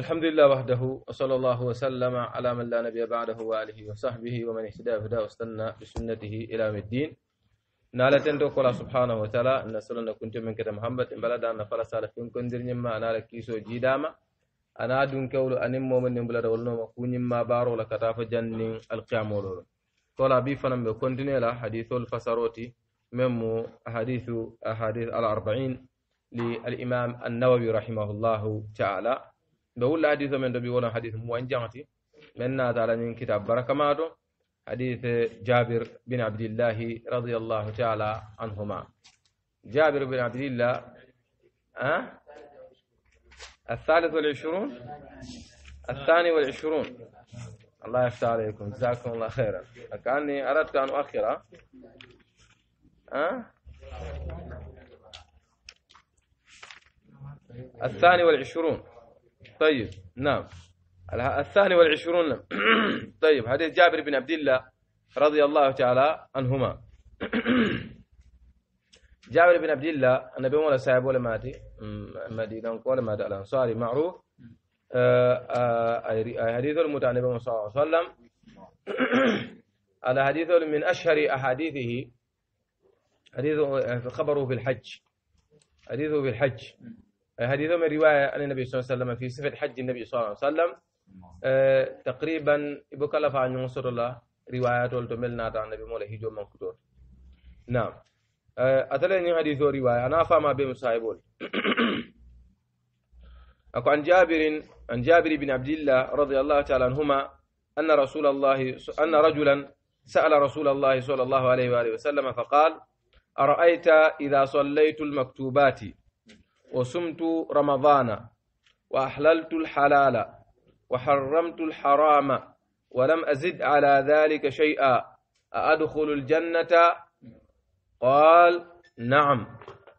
الحمد لله وحده وصلى الله وسلم على من لا نبي بعده وآله وصحبه ومن اهتدى بهداه واستنى بسنته إلى يوم الدين نالا تندو كلا سبحانه وتعالى إن سلنا كنت من كتم محمد إن بلد أن فلا كن كندر نما أنا لك لكيسو جيداما أنا دون كول أن مومن نبلا دولنا وكون ما بارو لك تاف جنن القيام ولولو كلا بيفنا بكونتني لا حديث الفسروتي ممو أحاديث أحاديث الأربعين للإمام النووي رحمه الله تعالى ɓe wulla hadise men to ɓi wolan hadise muwan jaŋati men naatala ñin kitab barakama to hadise jabir bin abdillahi radiallahu taala anhuma jabir bin abdillah أه؟ الثالث والعشرون الثاني والعشرون الله يفتح عليكم جزاكم الله خيرا كأني أردت أن أؤخره أه؟ الثاني والعشرون طيب نعم الثاني والعشرون نعم. طيب حديث جابر بن عبد الله رضي الله تعالى عنهما جابر بن عبد الله النبي مولى صاحب ولا ماتي مدينة ولا ماتي الأنصاري معروف آه، آه، آه، حديث المتعة النبي صلى الله عليه وسلم على حديث من أشهر أحاديثه حديث خبره في الحج حديثه في الحج هذه من رواية عن النبي صلى الله عليه وسلم في صفة حج النبي صلى الله عليه وسلم آه، تقريبا يبقى لفا عن نصر الله روايات والتملنا عن النبي مولا هجو من كتور نعم آه، أتلني ذو رواية أنا فما بمصاحبون أكو عن جابر عن جابر بن عبد الله رضي الله تعالى عنهما أن رسول الله أن رجلا سأل رسول الله صلى الله عليه وآله وسلم فقال أرأيت إذا صليت المكتوبات وصمت رمضان وأحللت الحلال وحرمت الحرام ولم أزد على ذلك شيئا أأدخل الجنة قال نعم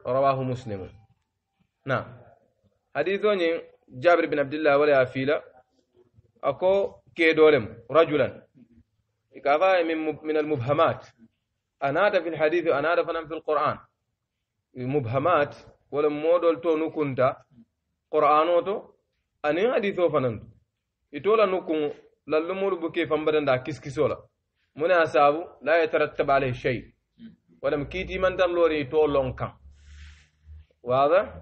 رواه مسلم نعم حديث جابر بن عبد الله ولا أفيلا أكو كيدولم رجلا كفاء من المبهمات أنا في الحديث أنا فنم في القرآن المبهمات wala modol to nu kunta qur'ano to ani haditho fanantu itola nu kun lallumulu buke fambaranda kiskisola muna asabu la yatarattab alayhi shay walam kiti man tan lori to lonkan واضح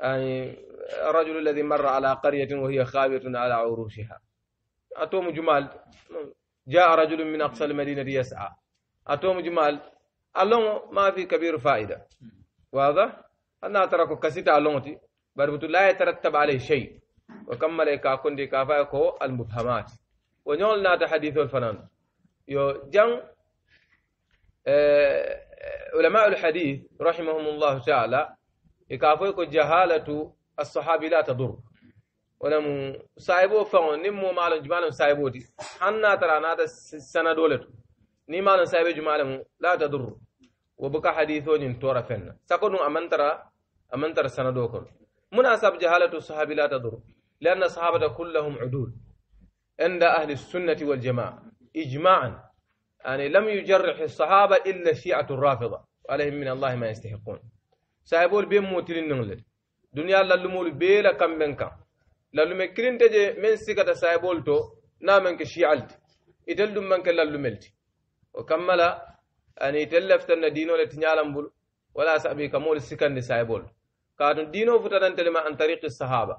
يعني الرجل الذي مر على قرية وهي خاوية على عروشها أتوم جمال جاء رجل من أقصى المدينة يسعى أتوم جمال اللهم ما في كبير فائدة واضح أنا تركو كسيتا ألونتي بربط لا يترتب عليه شيء وكمل كاكون دي كافا كافاكو المبهمات ونول نات حديث الفنان يو جن أه علماء الحديث رحمهم الله تعالى يكافيكو جهالة الصحابي لا تضر ولم سايبو فون نمو مالو جمالو سايبو دي حنا ترى ناتا سنة دولتو ni malam sahibe jumalemu la tadur wo buka haditho nyin tora fenna ترى أمن ترى سندوكم مناسب جهالة الصحابة لا تضر لأن الصحابة كلهم عدول عند أهل السنة والجماعة إجماعا يعني لم يجرح الصحابة إلا الشيعة الرافضة عليهم من الله ما يستحقون سايبول بين موتين نغلد دنيا للمول بيلا كم بنكا كم للم كرين تجي من سكة سايبول تو نامنك شيعلت إتل دم منك للملت وكمل أن يتلفت الدين ولا تنيالم ولا سأبي كمول السكن سايبول kaatu diinoo futadantele ma an tariqi sahaba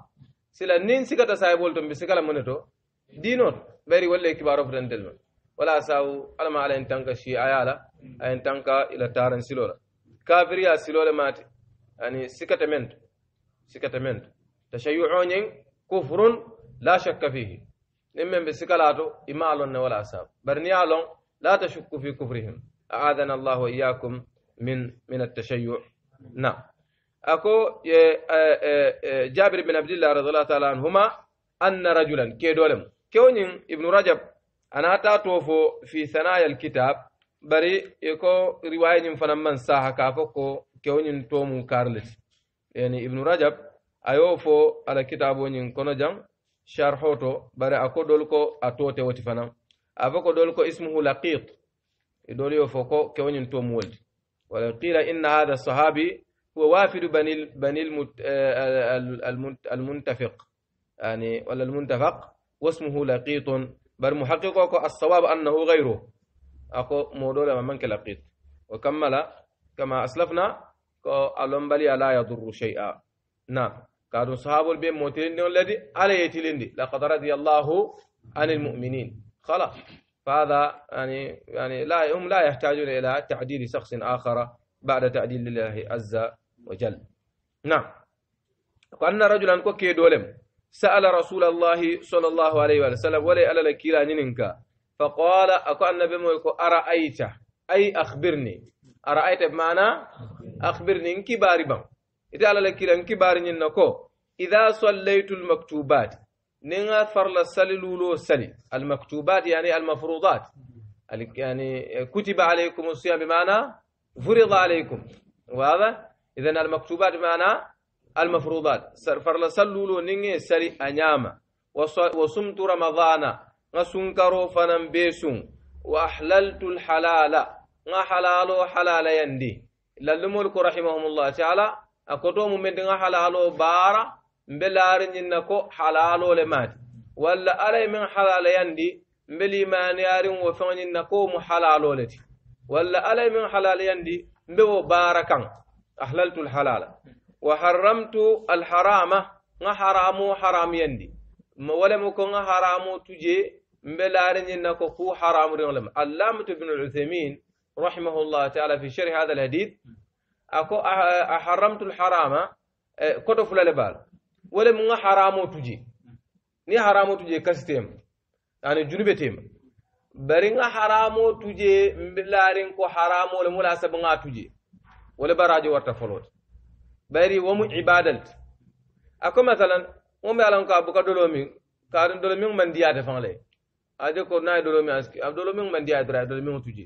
sila nin sikata sahibol to mbi sikala mone to diinoo to ɓayri walle kibaro futantel man wala sawu alama ala en tanka chi ayala ayen tanka ila taran silola kafiriya silole mate ani sikata men to sikata men to tachayu oñen kufrun la shakka fihi nin men ɓe sikala to ima alon ne wala sabu bari ni a lon la tashukku fi kufrihim aadana allahu wa iyakum min min altachayu na ako e, e, e, jabir bin abdillah radiallahu taala anhuma anna rajulan kedolem kewoñin ibnu rajab anata tofo fi sanaya alkitab bari ko riwayañin fanan man saha ka fo ko kewoñin tomu karleti yani ibnu rajab ayo fo ala kitaboñin kono jan sharhoto bari ako dol ko a tote woti fanan afo ko dol ko ismuhu laqiq idol yo fo ko kewoñin tomu woldi wala qila inna hada sahabi ووافد بني بني آه، المنتفق يعني ولا المنتفق واسمه لقيط بل محقق الصواب انه غيره اكو مودولا منك لقيط وكمل كما اسلفنا الومبلي لا يضر شيئا نعم قالوا صحاب البيت موتين الذي على تلندي لقد رضي الله عن المؤمنين خلاص فهذا يعني يعني لا هم لا يحتاجون الى تعديل شخص اخر بعد تعديل الله عز وجل نعم وأن رجلا كوكي دولم سأل رسول الله صلى الله عليه وسلم ولي ألا لكيلا نينكا فقال أكو أن بمولكو أرأيت أي أخبرني أرأيت بمعنى أخبرني إنكي باري بم إذا ألا لكيلا إنكي باري نينكو إذا صليت المكتوبات نينا فرلا سلي لولو سلي المكتوبات يعني المفروضات يعني كتب عليكم الصيام بمعنى فرض عليكم وهذا إذا المكتوبات معنا المفروضات فرلا لسلولو نيني سري أنياما وصمت رمضان وسنكرو فنم بيسون وأحللت الحلال نحلالو حلال يندي للملك رحمهم الله تعالى أكتو من دنا حلالو بارا بلارن إنكو حلالو لمات ولا ألي من حلال يندي بلي ما wo وفن na محلالو لتي ولا ألي من حلال يندي بو halal أحللت الحلال وحرمت الحرام حرام حرام يندي ما ولم يكن حرام تجي مبلارن نكو حرام رغلم علامة ابن العثيمين رحمه الله تعالى في شرح هذا الحديث أكو أحرمت الحرام كتو فلا لبال ولم حرام تجي ني haramo تجي كستيم يعني junube tem bari nga haramo tuje mbilarin ko haramo le mula wala barajo warta folot bayri womu ibadalt ako masalan won be alan ko abuka dolo mi karin dolo mi man diya fan le aje ko na dolo mi aski ab dolo mi man diya dra dolo mi tuje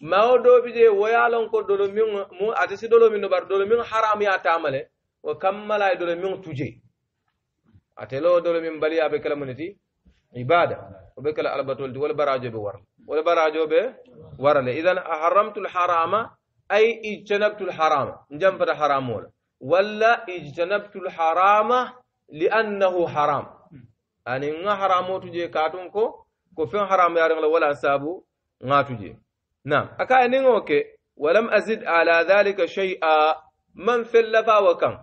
mawo do bi je woyalon ko dolo mi mu ate si dolo mi no bar dolo mi haram ya tamale wa kammala dolo mi tuje ate lo dolo mi bali abe kala muniti ibada وبكلا على بتولد ولا براجو بورل ولا براجو بورل إذا حرمت الحرام أي اجتنبت الحرام جنب حرام ولا ولا اجتنبت الحرام لأنه حرام يعني حرام تجي كاتونكو كو فين حرام يا رجل ولا سابو ما تجي نعم أكا اوكي ولم أزد على ذلك شيئا من في اللفا وكم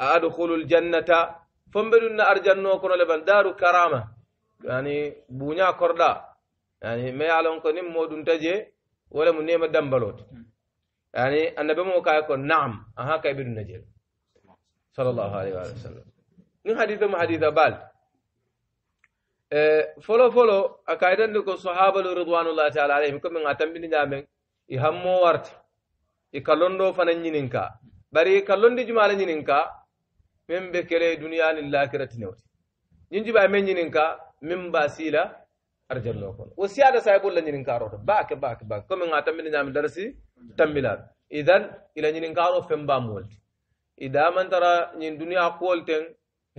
أدخل الجنة فمبدن أرجنو كن لبن دار كرامة يعني بونيا كردا يعني ما يعلم كن مودون تجي ولا من نيم دمبلوت يعني النبي مو كاي يقول نعم اها كاي بدون نجيل صلى الله عليه وآله وسلم من حديث ما حديث بال إيه، فولو فولو اكايدن دكو صحابه رضوان الله تعالى عليهم كم من اتم بن جامن يهمو ورت يكلوندو فنن نينكا بري كلوندي جمال نينكا من بكري دنيا للاخره نوت نينجي با من نينكا من باسيلا arjanno kono wo siyada sahibulla ñinin karoto baake baake baake comme nga tambini ñami darasi tambilaɓe idan ila ñinin karo fembamolti ida mantara ñin duniya kuwol ten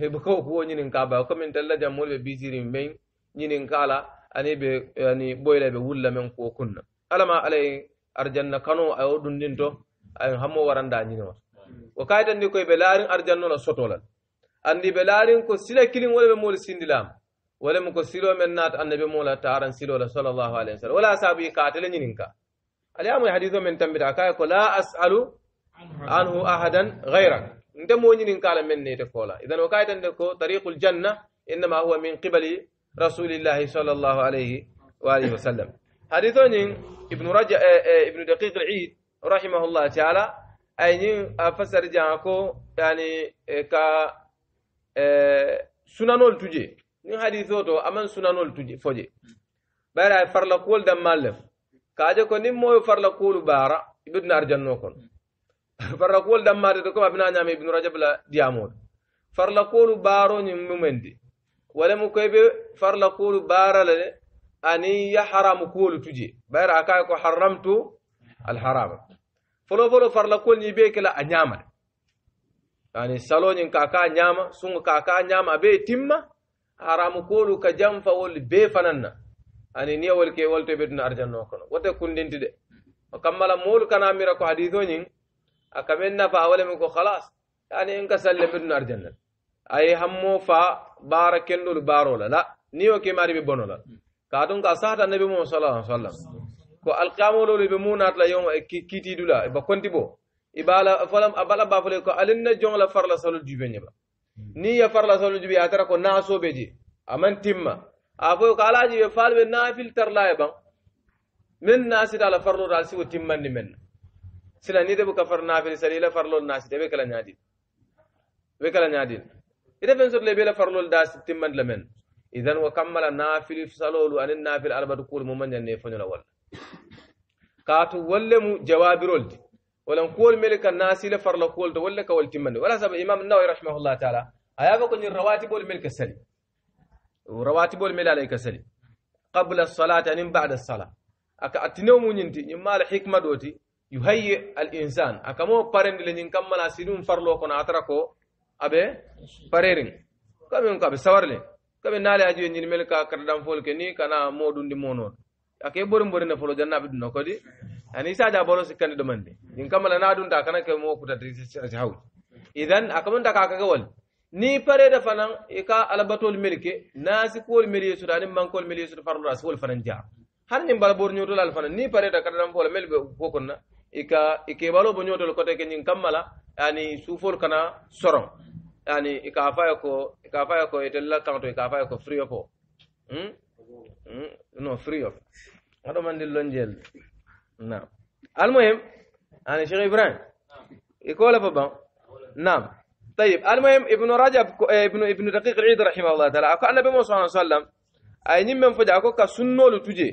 heɓe kow kuwo ñinin ka ba comme tella jammol ɓe bisirin men ñinin kala ani ɓe ani ɓoyla ɓe wulla men kuwo kunna alama alay arjanna kano ayo ɗumɗinto ayen hammo waranda ñini wata wo kayitandi koye ɓe laarin arjanno la sotolal andi ɓe laarin ko sila kilin wole ɓe mol sindilama ولم كسيلو من نات النبي مولا تارن سيلو صلى الله عليه وسلم ولا سابي قاتل نينكا اليوم الحديث من تنبدا كاي لا اسال عنه احدا غيرك انت نينكا من نيت كولا اذا وكايت عندكو طريق الجنه انما هو من قبل رسول الله صلى الله عليه واله وسلم حديث ابن رجع ابن دقيق العيد رحمه الله تعالى أين فسر جاكو يعني ك سنانول تجي ni hadiseo to aman sunanol tuje foje bayra ay farla kuwol dammal lef kaaje ko nin moyo farla kuwolu baara iɓeduna arjanno kono farla kuwol dammade to comme abina ñaami ibnu rajab la diyamoɗo farla kuwolu baaroñin mumendi wala mu koyɓe farla kuwolu baarala le ani ya haramu kuwolu tuje bayra a kaye ko harramtu alharama folo folo farla kuwol ñi ɓe kela a ani saloñin kaka ñama sunga kaka ñama a timma haramu kolu ka janfa wol be fananna ani niya wol ke wol to be duna arjanno kono wote kundinti de o kammala moolu kana mira ko hadith o ñin a kamen nafa wala mi ko halas yani en ka salle be duna arjanna aye hammo fa baara kendolu baarola la niyo ke mari be bonola ka tun ka sahata nabi mu sallallahu alaihi wasallam ko alqamololu be munatla yowma e kiitidula e ba konti bo ibala falam abala bafale ko alinna jongla farla salol jubeñe ba ni ya farla solo jibi atara ko na so beji aman timma afo kala jibe falbe na filter la ban min nasi dala farlo dal si timman ni men sila ni de bu kafar na fil salila farlo nasi de be kala nyaadi be kala nyaadi ida ben sot le be la farlo da si timman la men idan wa kammala nafil salolu anin nafil albatu kul mum man ne fanyo la wal kaatu walle mu jawabiroldi ولن كول ملك الناس إلى فرلا كول دو ولا كول تمن ولا سب امام النووي رحمه الله تعالى ايا بكون الرواتب الملك السلي ورواتب الملك عليك السلي قبل الصلاه يعني بعد الصلاه أك اتنوم نينتي نما الحكمه دوتي يهيئ الانسان اكا مو بارند لين كم ملا سيدون فرلو كون اتركو ابي بارين كم يوم كابي سوار سورلي كم نالي اجي ني ملك كردام فول كني كانا مودون دي مونون اكي بورم بورين فلو جنابي دنو كودي ani sa ja bolo sikkan do mande din kamala na dun da kana ke mo kuta hawu idan akamun da kaka ga wal ni pare da fanan ika albatol milke nasi kol milye su da nin man kol milye su farlu ras wal fanan ja har nin balbor nyoto al fanan ni pare da kadan bola melbe kokonna ika ike balo bo nyoto ko te kin kamala yani sufol kana soron yani ika afaya ko ika afaya ko itella kanto ika afaya ko free of hmm? hmm? no free of ado mandil lonjel نعم المهم انا شيخ ابراهيم نعم. يقول بابا نعم طيب المهم ابن رجب ابن ابن دقيق العيد رحمه الله تعالى قال النبي صلى الله عليه وسلم اي نيم من فدا اكو كسنو لتجي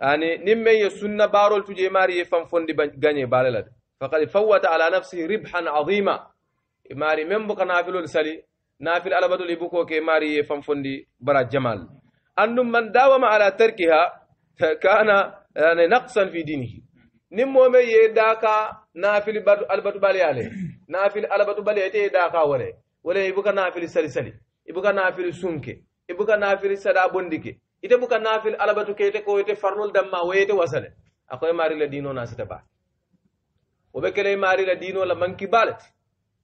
يعني نيم من سنه بارول تجي ماري فم فندي غاني بالال فقد فوت على نفسه ربحا عظيما ماري من بك كنافل سلي نافل على بدل بوكو كي ماري فام فوندي برا جمال ان من داوم على تركها kana yani naqsan fi dinihi nin mome ye daka nafili albatu baliyale nafili albatu baliya daka ibuka ibuka sunke ibuka sada bondike ite buka nafil albatu ke ko ite damma wasale akoy mari la dino na sita ba kele mari la dino la manki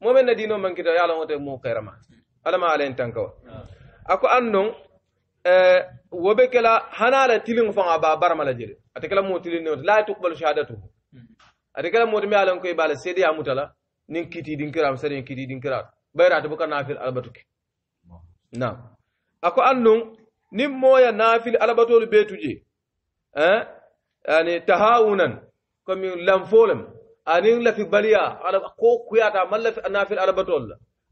momen na dino manki ta yalla mo kayrama alama alen tanko ako annon eh, wo be kela hana la tilin fanga ba barma la jere ate kala mo tilin ne la tuqbalu shahadatuhu ate kala mo me alan koy bala sedi amutala nin kiti din kiram sari kiti din kirat bayra ta buka nafil albatuki na ako annun nin moya nafil albatolu betuje eh yani tahawunan komi lamfolam anin lafi baliya ko kuyata man lafi nafil albatol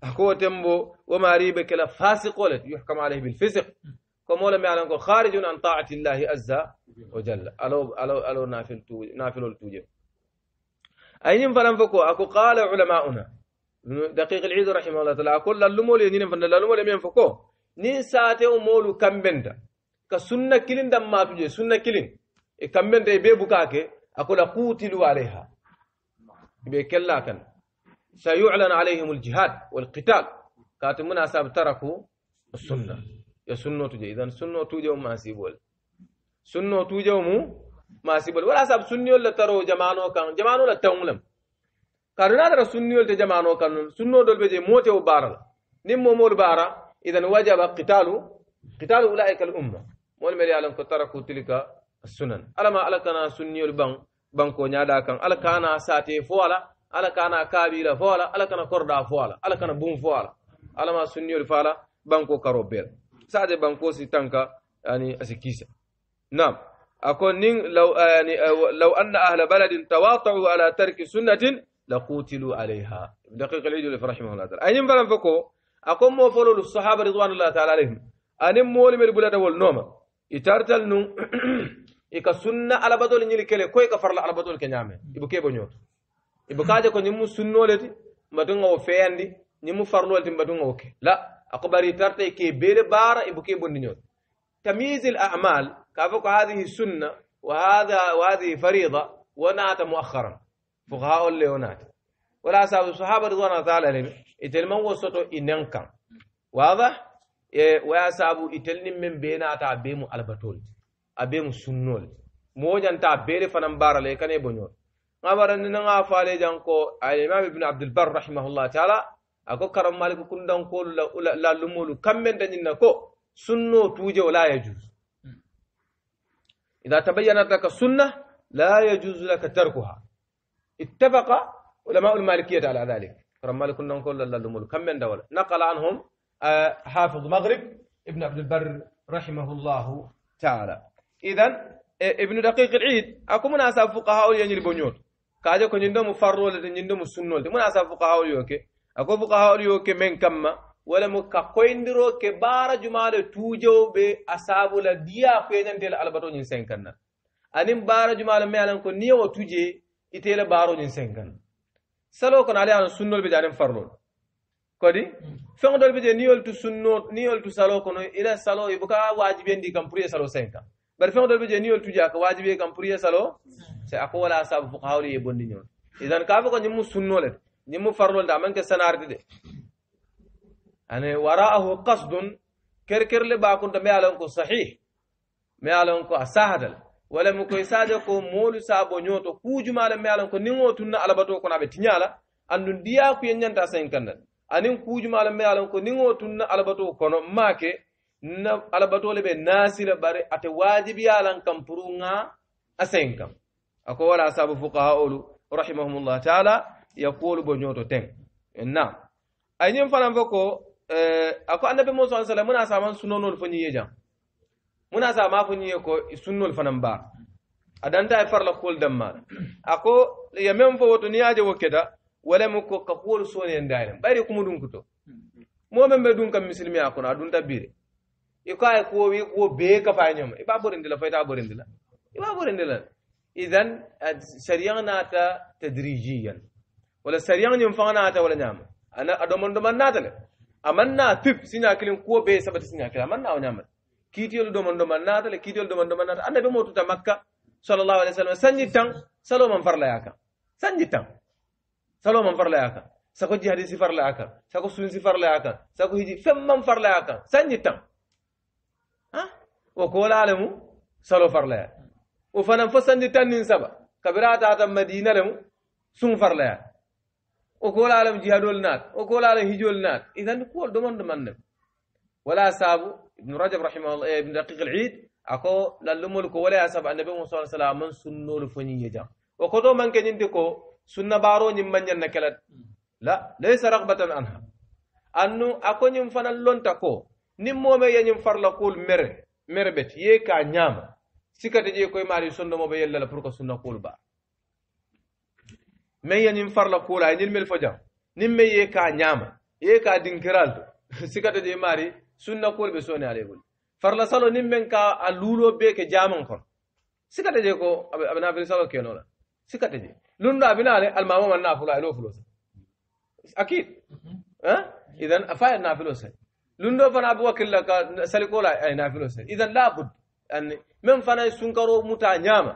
ako tembo wa maribe kala fasiqolet yuhkam alayhi bil fisq كمولا ما يعلم خارج عن طاعة الله عز وجل ألو ألو ألو نافل تو نافل التوجه أين فلم فكو أكو قال علماؤنا دقيق العيد رحمه الله تعالى أقول للمول ينين فن للمول مين فكو نين ساعته مول كم بند كسنة كلين دم ما توجه سنة كلين إيه كم بند إيه يبي بكاك أقول قوتلوا عليها إيه بكلا كان سيعلن عليهم الجهاد والقتال كاتمنا ساب تركوا السنه yo sunnotuje idan sunnotuuje o maasiɓol sunnotuuje o mu maasiɓol wala saabu sunniyol le taro jamano kan jamano la tawŋlem kaatu naa tara sunniyol te jamano kan noon sunnoɗol ɓe je moote o baara la nin momol baara idan wajaba qitalu qitalu ulaika al umma won mbeɗe alan ko taraku tilka sunan alama ala kana sunniyol ban banko ñaɗa kan ala kana sate fo ala ala kana kaɓila fo ala ala kana korɗa fo ala ala kana bum fo ala alama sunniyol fa ala banko karo beel سعد بنكوسي تنكا يعني أسكيسة نعم أكون لو آه، يعني آه، لو أن أهل بلد تواطعوا على ترك سنة لقوتلوا عليها دقيق العيد اللي رحمه الله تعالى أين فلان فكو أقوم موفلوا للصحابة رضوان الله تعالى عليهم أن مولي من البلاد والنوم إتارتل نو إيكا سنة على بدول نيلي كلي كوي كفر على بدول كنعمة إبو كي بنيوت إبو كاجة كون يمو سنة لتي مدونغ وفيان دي يمو فرلو لتي مدونغ وكي لا أقبري ترتي كي بير بار إبكي بنيوت تمييز الأعمال كافوك هذه السنة وهذا وهذه فريضة ونات مؤخرا فقهاء اللي ونات ولا سابق الصحابة رضوان الله تعالى لهم إتلمن وسطو إننكا واضح ويا سابو إتلن من بينا بيمو ألبطول أبيمو سنول موجنتا بيري فنمبار لكني بنيوت ngabarani nanga الإمام ابن عبد البر رحمه الله تعالى ako karam maliku kundan ko la la lumulu kammen daninna ko sunno tuje wala yajuz idha tabayyanat laka sunna la yajuz laka tarkuha ittafaqa ulama al-malikiyyah ala dhalik karam maliku kundan ko la lumulu kammen dawala naqala anhum hafiz maghrib ibn abd al-barr rahimahullah ta'ala idan ابن دقيق العيد اكو مناسب فقهاء fuqaha ul كاجا bonyot مفرول ko nyindo mu farrole nyindo mu sunnol ako fukahaolu ke men kamma walamu ka koyndiro ke baara jumaale tuujow be asaabu la diya kuyenantela alabatoñin senkanna anin baara jumaale me alan ko niyewo tuje itela baaroñin senkanna salo kono ala ana sunnol be je anin farlol kodi feŋo dol bi je niŋ yolu tu sunno niŋ yolu tu saloo kono i la saloo i buka waajibendi kaŋ pour ye saloo seŋ kaŋ bari feŋo dol bi je niŋ yolu tu je a ka waajibe kaŋ pour ye saloo se a ko wala saabu fukahawolu ye bondi ñoŋ idan ka fo ko ñiŋ mu sunno le نمو فرلول دا منك سنار دي يعني وراءه قصد كر كر لبا كنت ميالونكو صحيح ميالونكو أساهدل ولا مكوي سادكو مولو سابو نيوتو كوجو مالا ميالونكو نمو تنى ألبتو كنا بتنيالا أندن دياكو ينينتا سينكندل أنين كوجو مالا ميالونكو نمو تنى ألبتو كنا ماكي na alabatole be nasila bare ate wajibi yalan kam purunga asen kam ako wala sabu fuqaha olu rahimahumullah taala yakuwolu bo ñoto teŋ na ayiñiŋ fanaŋ fo ko a ko annabi mo sa sallam muna saman sunonolu fo ñiŋ ye jaŋ muna sama fo ñiŋ ye ko sunnolu fanaŋ baar adanta ye farla kuwolu dammaala a ko ye meŋ fo woto niŋ ye a je wo keta walemu ko ka kuwolu sooneyendayilem bayiri kumu dunkuto moo meŋ be duŋ ka misilimiya kono a dunta biire i ko a ye kuwo wi kuwo bee kafa ye ñoma i be a borindi la fo ite a borindi la i be a borindi la idan sariyaŋ naata tadrijiyan wala sariyaŋ ñiŋ faŋ naata wala ñaama ana a domondomaŋ naata le a maŋ naa pip siñaa kiliŋ kuwo bee sabati siñaa kiliŋ a maŋ naa wo ñaama le kiitiyolu domondomaŋ naata le kiitiyolu domondomaŋ naata annabi moo tuta makka sallallahu alaihi wasallam sanji taŋ saloo maŋ farlaya kaŋ sanji taŋ saloo maŋ farlaya kaŋ sako jihadi si farlaya kaŋ sako sunsi farlaya kaŋ sako hiji feŋ maŋ farlaya kaŋ sanji taŋ ha wo koolaa le mu saloo farlaya wo fanaŋ fo sanji taŋ niŋ saba kabira a taata madina le mu suŋ farlaya وكل عالم جهادول نات وكل عالم هجول نات إذن كل دمان دمان ولا أسابو ابن رجب رحمه الله ابن رقيق العيد أكو للم لك ولا أساب أن النبي صلى الله عليه وسلم من سنة لفنية جام وكذو من كن ينتكو سنة بارو نمان ينكلت لا ليس رغبة عنها أنو أكو نمفن اللون تكو نمو مي ينفر لقول مره مربت يكا نعم سكتجي كوي ماري سنة مبيلة لبرك سنة قول بار meŋ ye ñiŋ farla kuola a ye ñiŋ mel fo jaŋ niŋ meŋ ye ka ñaama ye ka dinkiral to sikata je maari sunna kuolu be soone ala bulu farla salo niŋ meŋ ka a luuloo bee ke jaamaŋ kono sikata je ko a be naafili salo kenoo la sikata je lundo a bina ale almamo man naa fulo a ye loo fulo sa akid idan a fa ye naafilo sa lundo fana be wakilla ka salikoo la a ye naafilo sa idan labud ani meŋ fana ye sunkaroo muta ñaama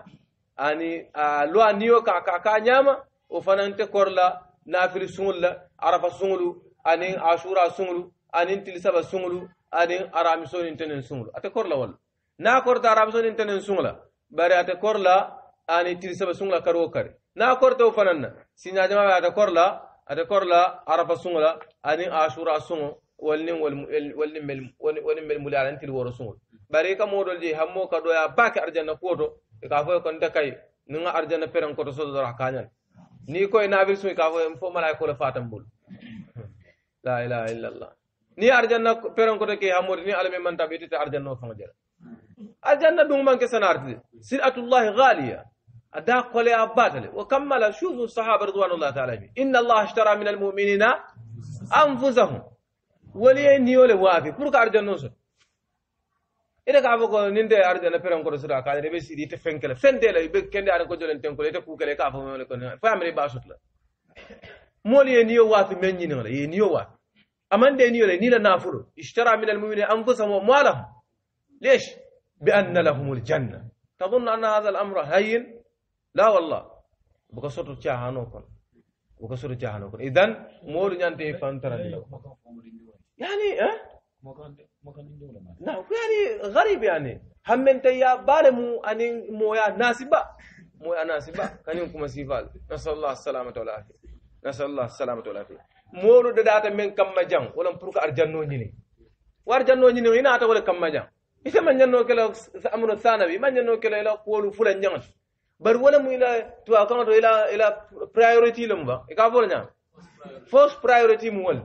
ani a loa niyo ka ka ka ñaama o fanante korla nafil suŋulla arafa suŋulu anin ashura suŋulu anin tilisaba suŋulu anin aramisonin tenen suŋulu ate korla walla na korta aramisonin tenen suŋula bari ate korla ani tilisaba suŋula kari wo kari na korta wo fananna siñajamaɓe ate korla ate korla arafa suŋula anin ashura suŋo walnin walnin mel muli alan tili woro suŋol bari ka modol je hammo ka ɗoya bake arjanna kuwoto e ka foye kon de kay ninga arjanna peren koto soto dora kañan ni koye nabil sumi ka foyen fo malay la fatam bul la ilaha illallah ni arjanna peron koto ke amori ni alame man manta te arjanna o fanga jere arjanna dum man ke sanar galiya siratullah ghaliya ada qali batale wa kamala shuzu sahaba ridwanullah taala bi inna allah ashtara min almuminina anfusahum waliye niyole wafi pour ka arjanna so ida ka fo ko nin de arjana peren ko sura ka de be sidi te fenkele fentele be kende ara ko jolen ten ko te kukele ka fo mo ko fa amre ba sutla mol ye niyo watu men nyina la ye niyo watu aman de niyo le ni la nafulo ishtara min al mu'minina anfusahum wa amwalahum ليش بأن لهم الجنة تظن أن هذا الأمر هين لا والله بكسر تجاهنوكم بكسر تجاهنوكم إذن مول ينتهي فانترا يعني ها أه؟ نعم يعني غريب يعني هم من تيا بارمو أن مويا ناسبة مويا ناسبة كان يوم كم سيفال نسأل الله السلامة والعافية نسأل الله السلامة والعافية مولو دادات من كم مجان ولا مبروك أرجنو جيني وأرجنو جيني هنا أتا ولا كم مجان إذا من جنو كلا أمر الثانوي من جنو كلا إلى قول فلان جان بر ولا مو إلى تواكم إلى إلى priority لمبا إكابولنا first priority مول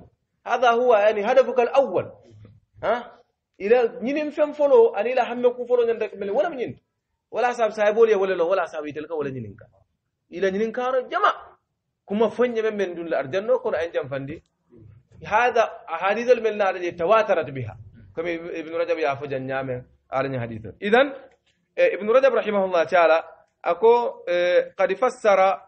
هذا هو يعني هدفك الأول ha ila ñinen fen folo ani ila hamme ku folo ñanda mele wala ñin wala sab saybol ya wala lo wala sab itel ka wala ñinin ka ila ñinin ka jama kuma fanye men men dun la arjanno ko ay jam fandi hada ahadith al milna alladhi tawatarat biha kama ibn rajab ya fajan nyame alani hadith idan ibn rajab rahimahullah ta'ala ako qad fassara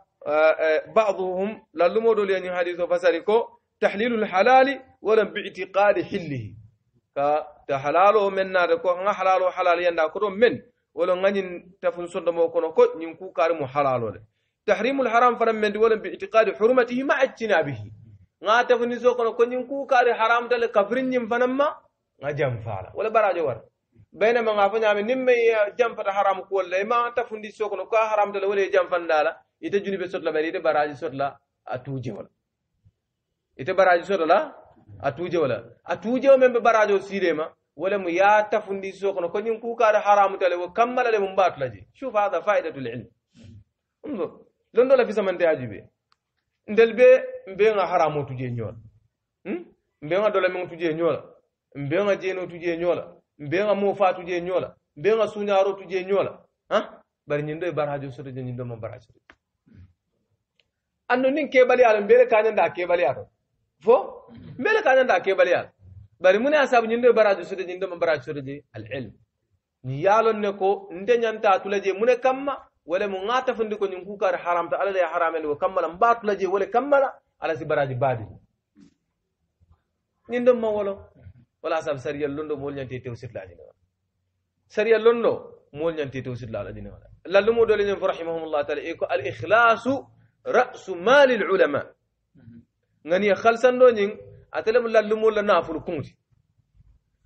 بعضهم للمودول يعني حديث فسركو تحليل الحلال ولم باعتقاد حله ka ta halalo men naade ko nga halalo halal yanda ko ɗon men wala gañin tafun sondomo kono ko ñin ku kaari mo halalole tahrimul haram fanan men di wala bi itiqadi hurmatihi ma ajtinabihi nga tafuni so kono ko ñin ku kaari haram tale kafrinñin fanan ma nga jam faala wala barajo war baynama nga fo ñaami nin ma jamfata haram kuwolle ma tafundi so kono ko a haram tale wala jam fandala ite junibe sotla bari ite baraji sotla a tuuje wala ite baraji sotla atuje wala atuje o men be barajo sirema wala mu ya tafundi sokono ko nyin kukaade haramu tale wo kammala le mum batula je shuf hada faidatul ilm unzur londo la fisamante ajibe ndel be mbe nga haramu tuje nyola hmm? mbe nga dola men tuje nyola mbe nga jeno tuje nyola mbe nga mofa tuje nyola mbe nga sunyaro tuje nyola ha bari nyindo e barajo soto je nyindo mo barajo anno nin kebali ala mbele kanyanda kebali ato fo mbele ka ñanta keɓaliya bari mune a saabu baraju sode ñinde ma baraju sode al ilm ni yaalon ne ko nte ñanta tula mune kamma wala mu ŋa tafundi ko ñin kukar haram ala la haram wo kammala mba tula je wala kammala ala si baraji badi ñinde ma wolo wala saabu sariyal londo mool ñante tew sitlaji ne wala sariyal londo mool ñante tew sitlaala dine wala lallumo dole ñen rahimahumullah taala e ko al ikhlasu rasu mali al ngani khalsan do nying atelem lallumo la naful kunti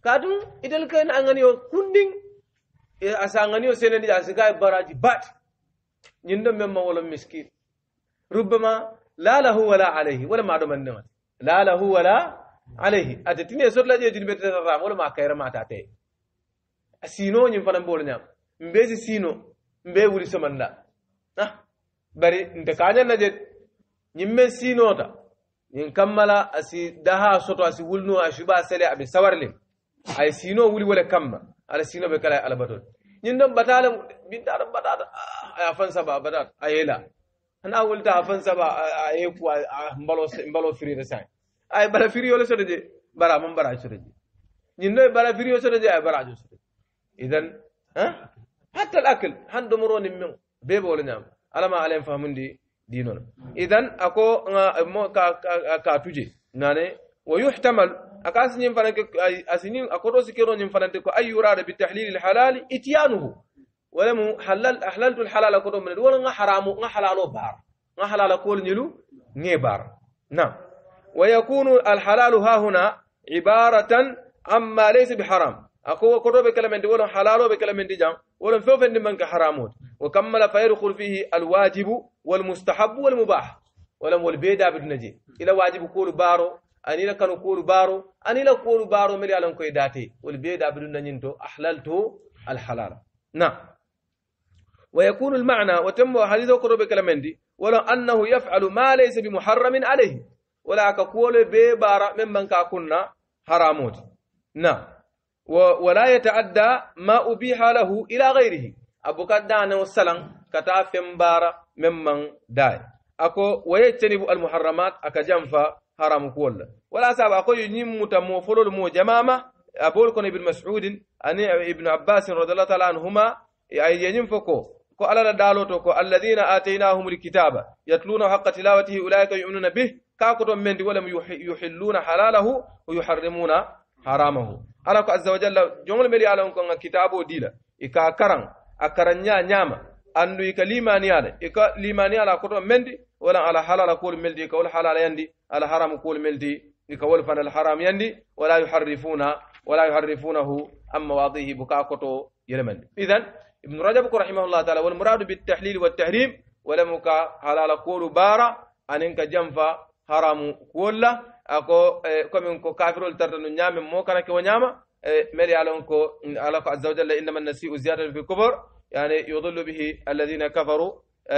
kadum idel kan angani yo kunding e ngani yo seneni asiga baraji bat nyindo memma wala miskin rubbama la lahu wala alayhi wala ma do manna la lahu wala alayhi ate tine la je jun betata ram wala ma kayra mata te asino nyim fanam bol nyam mbezi sino mbe wuri samanda na bari nte kanya na je nyimme sino ta ñiŋ kammala asi daha soto asi wulnu a shuba sele abi sawarlim ay sino wuli wala kamma ala sino be kala e alabatol ñin ɗon batala bintaɗo batata ay afan saba a batata a ana wulta afan saba ay ku a mbalo firi sañ ay bala firi firiyole soto je bara man bara soto je ñin noy bala firi firiyo soto je ay bara soto je idan hatta al akl han domoroni min bebe wole ala ma alen fahmundi دينونا إذن أكو مو كا كا تجي ناني ويحتمل أكاسنين فنانك أسنين أكو روسي كيرون فنانتكو أي يراد بالتحليل الحلال إتيانه ولم حلل أحللت الحلال كرو من حرامو حرام حلال بار حلال قول نيلو نيبار نعم ويكون الحلال ها هنا عبارة عما ليس بحرام أكو كرو بكلمة دولا حلال بكلمة دي جام ولم فوفن منك حرامون وكمل فيدخل فيه الواجب والمستحب والمباح ولم والبيدا بالنجي إلى واجب كول بارو أني لكن كول بارو أني كول بارو ملي ألم كوي داتي والبيدا بالنجنتو أحللته الحلال نعم ويكون المعنى وتم حديث قرب كلمندي ولو أنه يفعل ما ليس بمحرم عليه ولا كقول ببارا من كنا حراموت نعم ولا يتعدى ما أبيح له إلى غيره أبو كدان والسلام كتاف مبارا ممن داي أكو ويتنب المحرمات أكجنفا حرام كول ولا سابع أكو ينم متموفر المو جمامة أبول كون ابن مسعود أن ابن عباس رضي الله تعالى عنهما ينم فكو ko alala daaloto ko الذين آتيناهم الكتاب يتلون حق تلاوته أولئك يؤمنون به ka ko ولم يحلون حلاله ويحرمون حرامه ala ko azza wa jalla jomol meli ala ko kitabo dila ika karan akaranya nyama andu ika limani ala ka limani ala ko to mendi wala ala halala ko meldi ka wala halala yandi ala haram ko meldi ika wal al haram yandi wala yuharrifuna wala yuharrifunahu amma wadihi buka ko to yelemendi idan ibn rajab ko rahimahullah taala wal murad bit tahlil wat tahrim wala muka halala ko bara aninka jamfa haramu ko ako komin ko kafirol tarta no ñaamen mo kana ke wo ñaama mbeɗe alon ko ala ko azza wa jalla innama nasiu ziyadatan fi lkufr yani yudillu bihi alladina kafaru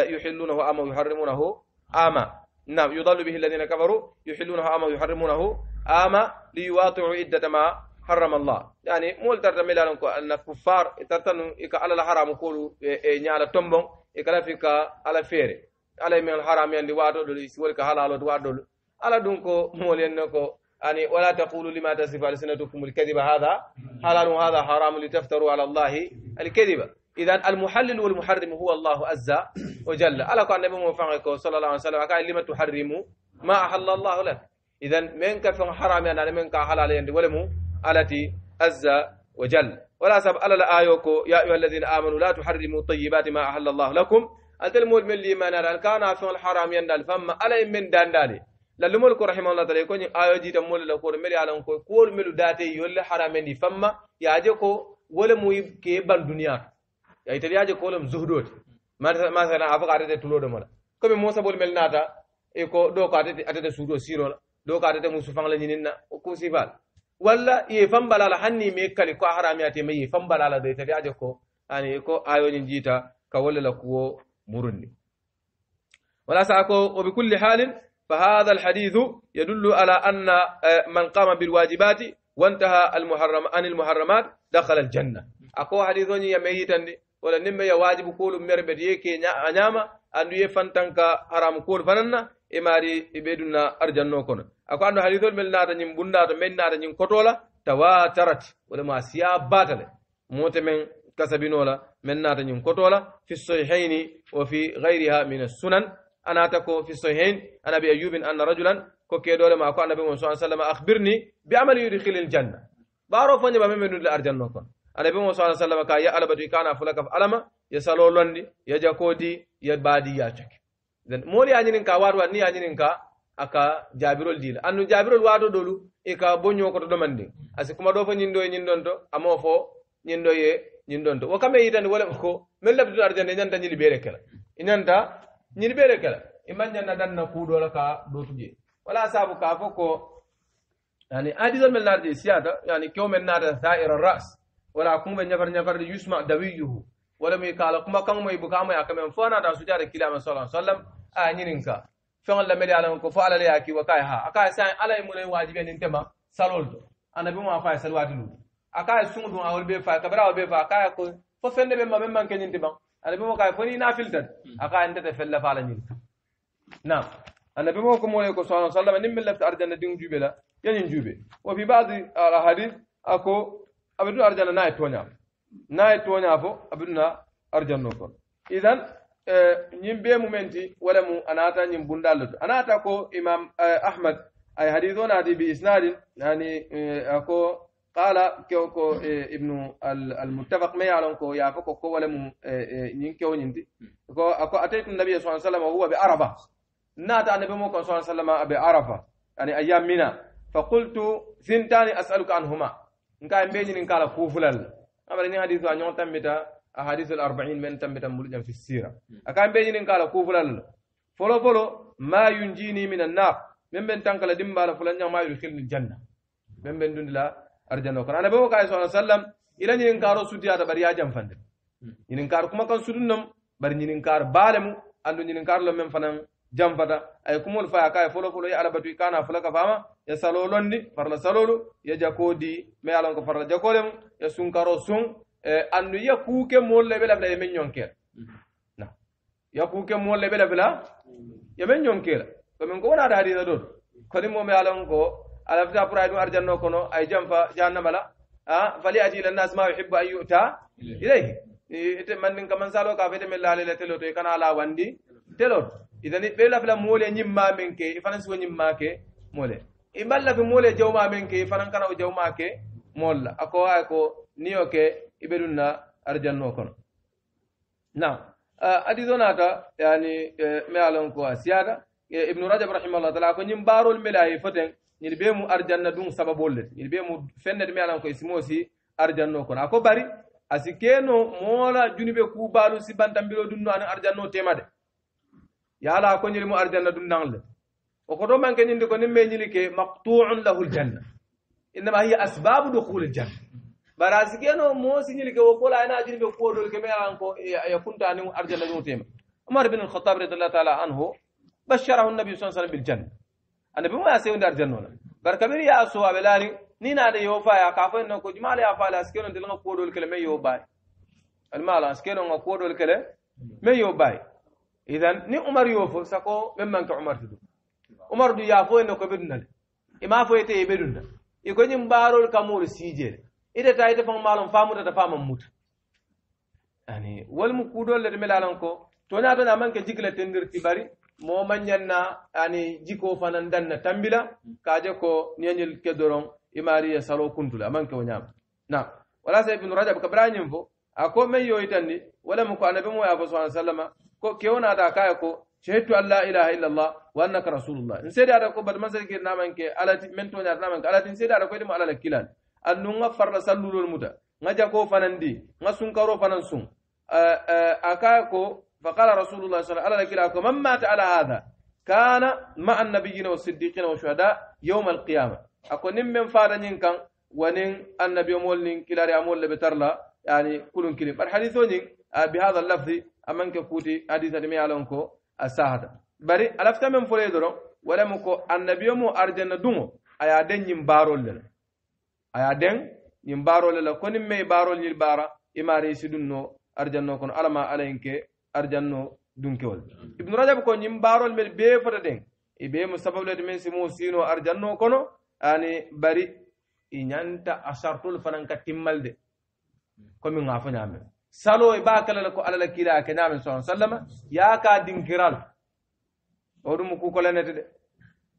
yuhillunahu ama yuharrimunahu ama نعم يضل به الذين كفروا يحلونه أما يحرمونه أما ليواطعوا عدة ما حرم الله يعني مول ترتمي لانك أن كفار ترتن إك على الحرام كلو نيال تمبون إك على فيك على فيري على من الحرام يعني وادو دول يسولك حلال وادو ala ɗum ko molenno ko ani wala taqulu lima tasifu alsinatukum alkadiba hada halalu hada haramu litaftaru ala allahi alkadiba idan almuhallil walmuharrimu huwa allahu azza wa jalla ala ko annabi mo fange ko sallallahu alaihi wasallam aka lima tuharrimu ma ahalla allahu lak idan men ka fen harami anani men ka halala yande walemu alati azza wa jalla ولا سب على الآية يا أيها الذين آمنوا لا تحرموا طيبات ما أحل الله لكم أنت المؤمن لما نرى كان في الحرام يندل فما ألا من داندالي lallumol ko rahimahullah taala koñi ayo jiita molu la koto mbeɗe alan ko kuwolu mbeɗu daate yolle haramendi famma yaaje ko wole muy ke ban duniya to ay tadi yaaje kolom zuhdoote masala a foka atete tuloɗo mola comme mosa bol mel naata e ko ɗo ko atete atete suuɗo sirola ɗo ko atete mu sufanla ñininna ko sifal walla ye fambalala hanni me kali ko a haramiyate ma ye fambalala de tadi yaaje ko ani ko ayoñin jiita ka wolle la kuwo murundi wala saa ko o bi kulli halin فهذا الحديث يدل على أن آه، من قام بالواجبات وانتهى المحرم عن المحرمات دخل الجنة أكو حديث يميتا ولا نم يواجب كل مربدي كي نعما أن يفنتن كحرام كون فننا إماري إبدنا أرجن كون أكو أن حديث من نار نيم بندا من نار نيم كتولا تواترت ولا ما سيا باتل موت من كسبينولا من نار نيم كتولا في الصحيحين وفي غيرها من السنن أنا تكو في الصحيحين أنا بأيوب أن رجلا كوكي دولة ما أكو النبي صلى الله عليه وسلم أخبرني بعمل يدخل الجنة بعرف أني بمن من الأرجنة كون النبي صلى الله عليه وسلم كا يا ألبدو كان فلك فألما يسالو لندي يجاكودي يبادي ياتك then moli anyinin ka waru ni anyinin ka aka jabirol dil annu jabirol wado dolu e ka bonyo ko to domande asi kuma do fa nyindo e nyindon to amo fo nyindo ye nyindon to wakame yitande wala ko mel labdu arjande nyanta nyili bere kala inanta ñin bere kala iman janna danna kuuɗola ka ɗotuje wala sabu ka fo ko yani hadisol men naata je siyata yani kew men naata saira ras wala kumɓe ñafar ñafarde yusma dawiyuhu wala muy kaala kuma kaŋ moy buka moy a kamen fo naata sujata kilama sa sallam a ñinin ka feŋol lamede alan ko fo ala le ye kiwa kaye ha a kaye sa ala ye mulaye waajibe nin tema salol to annabi mo a faye salwatilu a kaye suŋ dun awol be faye kabira awol be faye a kaye ko fo fende ɓe ma ɓe manke ñinti baŋ على بمو كاي فني نافل تد أقا أنت تفل فعلا نيل نعم أنا بمو كم ولا كسر الله سلم نم لفت أرجعنا دين جبلا يعني جوبي وفي بعض الأحاديث أكو أبدو أرجعنا ناي تونيا ناي تونيا فو أبدنا أرجعنا نقول إذن نيم be مومنتي ولا مو انا اتا نيم anata انا اتا كو امام احمد اي حديثون هذه باسناد يعني اكو قال كوكو إيه، ابن المتفق ما يعلم كو يا فكو كو ولم ينكو ننتي اكو اتيت النبي صلى الله عليه وسلم وهو بعرفه نادى النبي محمد صلى الله عليه وسلم بعرفه يعني ايام منى فقلت ثنتان اسالك عنهما ان كان بيني ان قال كوفلل اما ني حديث ان يوم احاديث الأربعين من تم بتمولجا في السيرة أكان بيجين قال كوفلا فلو فلو ما ينجيني من النار من بين تنقل دمبا فلان ما يدخلني الجنة من بين دون لا arjanna kono annabi wo kaye sa sallam ila ñinin kaaro sutiyata bari ya jam fande ñinin kaar kuma kan sutun nom bari ñinin kaar baale mu andu ñinin kaar lo men fanan janfata ay kumol faya kaye folo folo ye alabatu kana fulaka fama ye salo londi farla salolu ye jako di ma ye lonko farla jakole mu ye sunkaro sun andu ye kuuke moolu le be labila ye men ñonkeel na ye kuuke moolu le be labila ye men ñonkeela komin ko wonaata hadisa ɗon koni mo ma ye lon ko alafta puraynu arjanno kono ay jam fa jahannama la فليأتي للناس ما يحب أن يؤتى إليه ite mandin kaman salo ka fete min lalele telo to kana la wandi telo idan be la fla mole nyimma men ke ifanan so nyimma ke mole iballa fi mole jawma men ke ifanan kana jawma ke molla ako ay ko niyo ke ibedunna arjanno kono na adi zonata yani me alon ko asiyada ibn rajab rahimahullah taala ko nyim barol melayi foten ñiŋ bee mu arjanna duŋ sababoolu le ti ñiŋ bee mu feŋ ne ti miŋ ye a loŋ ko i si moo si arjannoo kono a ko bari a si kee noo moo la junube kuu baalu si bantambiroo duŋ no aniŋ arjannoo teema de ye a la ko ñiŋ mu arjanna duŋ naŋ le o koto maŋ ke ñiŋ ko niŋ mee ñili ke maqtuun lahu ljanna innama hiya asbabu dukhuli ljanna bari a si kee si ñili ke wo fo la a ye naa junube ke miŋ ko ye kunta aniŋ arjanna duŋ teema umar bin alkhatab radiallahu taala anhu basharahu nabi sa sallam biljanna annabi mu ya sewndi arjannola bara kabiri ya suwa ɓe laari ni naade yo faya ka fo non ko jumaala ya faala askeno ndelga kuwoɗol kele mai yo baayi almaala askeno ga kuwoɗol kele mai yo baayi idan ni umar yo fo sako men manke umar tudu umar du ya foyno ko ɓeɗunale ima foyete e ɓeɗunda iko ñin mbaarol kamol siijele idata ite fan maalon famudata faman muta ani wolmu kuuɗolle ɗe melalan ko toni atoni amanke jigla tendirti bari na ani jiko fanan danna tambila kaje ko nyanyil ke doron ya salo kuntula man wo ñama na wala sa ibn rajab kabrañin fo a ko men wala mu ko annabi mu yafo sa sallama ko da kaya ko shahidtu an la ilaha illallah wa annaka rasulullah in seedi da ko na man ke alati men man namanke alati in seedi ata koydemo alala kilani annu nga farla sallulol muta nga jako fanan di nga sunkaro fanan sun a kaya ko فقال رسول الله صلى الله عليه وسلم من مات على هذا كان مع النبيين والصديقين والشهداء يوم القيامة أكو من فارا نينكا ونين النبي مول نين كلاري أمول لبترلا يعني كل كلم فالحديث نين آه، بهذا اللفظ أمن كفوتي حديثة المي على أنكو الساهدة بري ألفت من فريدرو ولمكو النبي مو أرجن دومو أيا دين يمبارول لنا أيا دين يمبارول لنا كون من بارول لنا إما ريسي دونو أرجن نوكو ألما علينك arjanno dunkewol ibnu rajab ko ñim mbaarol mel bee fota den e bee mo sabablede men simo mo siino arjanno kono ani bari i ñanta a sartol fanan ka timmalde komin ŋa fo ñaamen salo e baa ko alla la kiila ke ñaamen sa sallama yaa ka dinkiral o ɗum kukolanete de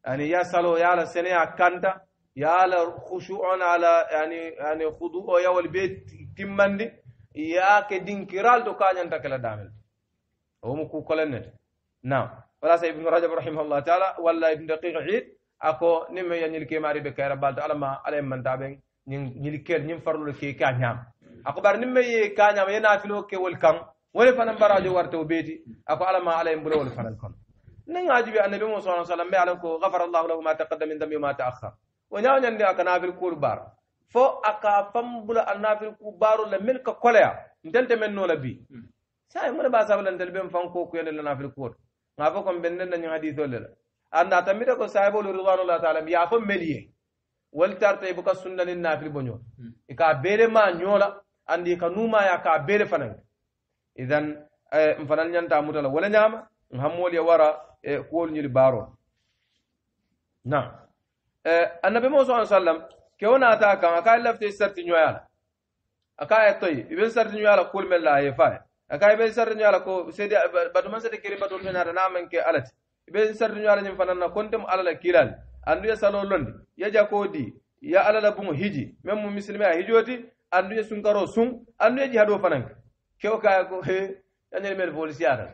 ani ya salo la seneya kanta yaala la on ala yani yani khudu o yawol be timmandi yaake dinkiral to kañanta kela damel هم كوكلن نعم ولا سي ابن رجب رحمه الله تعالى ولا ابن دقيق عيد اكو نيم يا نيل كيمار دي كير بالد علما عليهم من دابين نيل كير نيم فرلو كي كانيام اخبار نيم يي كانيام ينافلو كي ولكم ولي فنم براجو ورتو بيتي اكو علما عليهم بلو ولي فنكم نين عاجب النبي صلى الله عليه وسلم بي علمكو غفر الله له ما تقدم من ذنبه وما تاخر ونيا نيندي اكو نافل كوربار فو اكا فم بلا النافل كوبارو لملك كوليا ندنت منو لبي sai mo ba sabla ndel ben fanko ko yele na fil kuwot nga fo kon ben nan hadithu le anda tamita ko sahibu allah ta'ala ya fo meliye wal tarta ibuka sunnan nafil bonyo ika bere ma nyola andi ka numa ya ka bere fanan idan mfanal nyanta mutala wala nyama hammol ya wara kuwol ñil baro na annabi mo sa sallam ke wonata kan aka lafte sarti ñoyala aka ye toy iben sarti ñoyala kuol men la ye akay be sarri nyala ko sedi badu man sedi kiri badu fena da namen ke alati be sarri nyala nyim fananna kontem alala kilal andu ya salo londi ya jakodi ya alala bungo hiji mem mu muslimi a hijoti andu ya sunkaro sun andu ya jihado fananka kew kaya ko he yanel mel polisi ara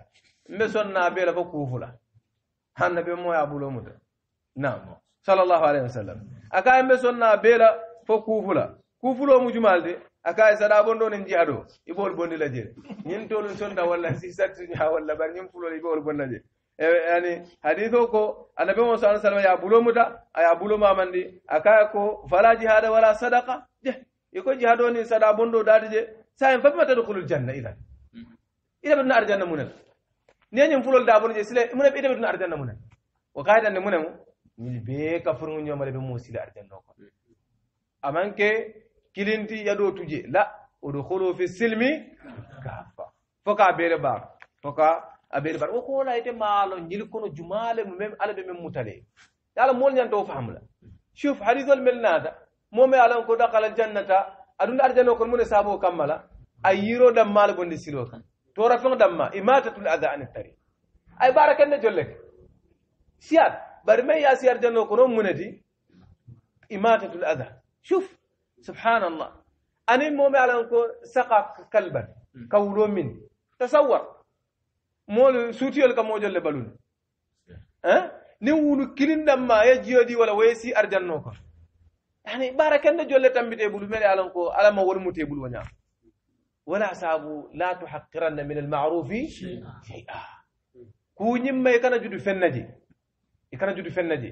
mbe sonna be la ko kufula hanna be moya bulo muta na'am sallallahu alaihi wasallam akay mbe sonna be la fo kufula kufulo mu jumalde aka isa da bondo nin jihado ibol bondi laje nyin tolun sonda walla si satti nya walla bar nyin fulo ibol bondi laje yani haditho ko annabi musa sallallahu alaihi ya bulo aya bulo mamandi aka ko fala jihada wala sadaqa je iko jihado ni sada bondo dadi je sayen fa mata dukhulul janna idan ida bin arjanna munal ne nyin fulo da bondo je sile mun ida bin arjanna munal wa qaidan ni munamu ni be kafurun nyomale be musila arjanna ko amanke kilinti yaɗo tuje la udkhulu fi silmi kafa foka bere bar foka abere bar o ko la ite malo ñil kono jumaale mu mem ala ɓe men mutale yalla ala nyanto ñanto la shuf hadisol milnada naata me alan ko dakala jannata aɗum arjano ko mun saabo kamala a yiro dammaala bonde silo kan tora feŋ damma imatatul ada ani tari ay baara ne jolle ke bar me ya ya jano ko no muneti imatatul ada شوف سبحان الله أنا مو على سقى كلبا كولو من تصور مول سوتي لك موجل لبلون ها أه؟ نقول كلن دم دما يجيودي ولا ويسي أرجان نوكا يعني بارك الله جل تام بيت يبول مري على نكو على ما ورمت يبول ونعم ولا سابو لا تحقرن من المعروف شيئا كوني ما يكنا جدو فنجي يكنا جدو فنجي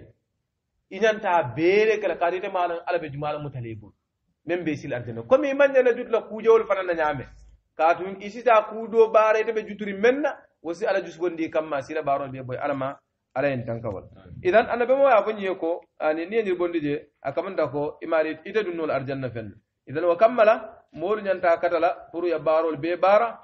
إن أنت بيرك لكاريت مالا على بجمال متليبول men be sil arjanna comme i manñana jutla kuujewol fanana ñaame kaatun isita kuudo baarete ɓe juturi menna wosi ala jusgondi kamma sila baarol ɓe boy alama ala en tankawol idan annabi mo ya fonñiye ko ani ni enir bondi je a kamanta ko imari ite dunnol arjanna fenna idan wa kammala moolu ñanta katala pour ya baarol be baara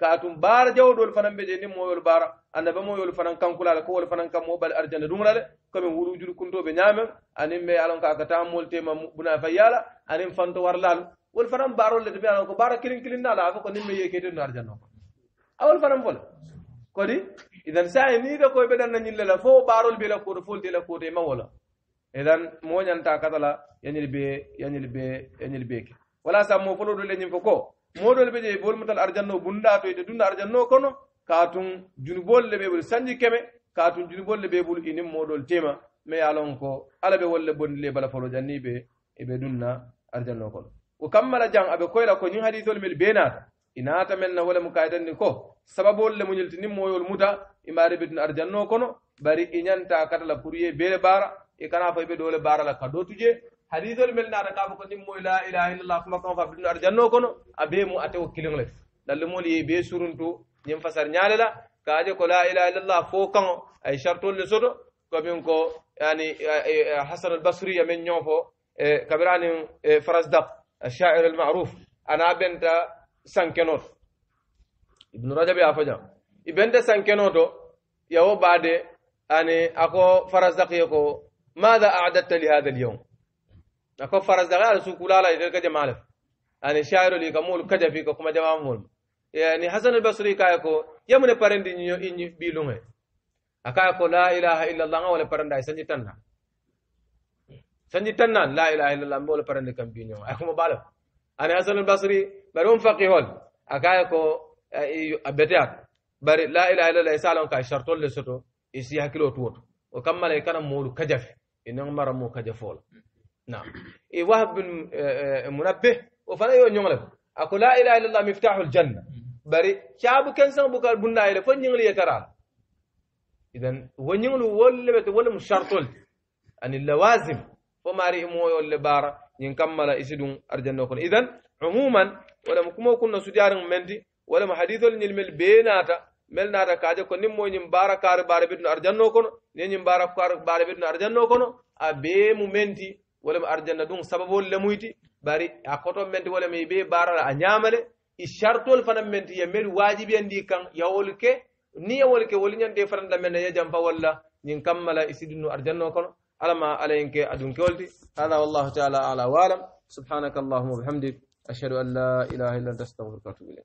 kaatun baara jawɗol fanan ɓe je ni moyol baara annabamo yolu fanan kankulala ko wolu fanan kammo ɓaɗa arjana ɗumla de komin wurujuru kuntoɓe ñamen anin ɓe alon ka akatan moltema buna fayyala anin fanto warlalu wol fanan barolle to ɓe alan ko bara kilin kilinnala afa ko nin ɓe yeketenno arjana ko awol fanan fola kodi idan saye niga koye ɓeɗanna ñillela fo barol bela koto foltela koto e mawola idan moñanta katala yañil be yañil be yañil beke wala sa mo foloɗo leñin fo ko moɗol ɓe je bolmutal arjanno bunda to ete dunda arjanno kono katun junubolle ɓe ɓuri sanji keme katun junubolle ɓe ɓuri inin moɗol tema ma ye lon ko ala ɓe wolle bondile bala folo janni ɓe eɓe ɗumna arjanno kono o kammala jan aɓe koyla ko ñin hadisol mel be naata inata men na wole mu kayitanni ko sababol le muñilti nin moyol muta imaari ɓe tun arjanno kono bari iñanta katala pour ye bele bara e kana fo ɓe ɗole bara la kaɗo tuje hadisol mel naata kaɓa ko nin moy la ilaha illallah kuma kan fa ɓe tun arjanno kono a be mu ate o kiliŋ le lallemol ye be suruntu ñiŋ fasar ñaale la ka je ko la ilaha illallah fo kaŋo ay shartol le soto komin ko yani hasan albasri yamin ñoo fo kabiraniŋ farasdak ashair almaruf ana benta sankenot ibnu rajabe a fo jam i benta sankenoto yawo baade ani ako farasdak ye ko ماذا أعددت لهذا اليوم؟ أكو فرز دغال سوكولا لا يدرك جمالف أنا شاعر لي كمول كجفي كما جمال مول يعني حسن البصري كاي كو يمنه بارند ني ني بي لونغ كو لا اله الا الله ولا بارند اي سنجي تنان سنجي تنان لا اله الا الله ولا بارند كم بي نيو اكو مبال انا حسن البصري بروم فقيهول اكاي كو ابيتات بري لا اله الا الله يسالون كاي شرط لسوتو يسي هكلو توت وكمل كان مول كجف انهم مرمو كجفول نعم اي وهب المنبه آه، آه، وفلا يو نيو اقول لا اله الا الله مفتاح الجنه bari caabu ken sang bukal bunnayle fo ñingli ye karal idan wo ñinglu wolle ɓe to wolemu chartolti ani lawasim fo maari imoyolle baara ñin kammala isi ɗum arjanna kono idan umuman walamo kumo kunno sudiyarin menti walamo hadisol ñilmel bee naata mel naata kaaje ko nin moñin baara kaari baara ɓe ɗum arjanno kono ni ñin baara kaari baara ɓe ɗum arjanno kono a bee mu menti walamo arjanna ɗum sababol lemuyti bari a koton menti walamo ɓe baarala a ñaamale i fana menti ya meri wajibi wajibendi kang ya wolke ni ya wolke woli ñante fananta men mena ya fa wala nyin kammala isidunu arjanno kono alama alayen adun kewolti hada wallahu taala ala walam subhanakallahumma wa bihamdik ashhadu an la ilaha illa anta astaghfiruka wa atubu ilayk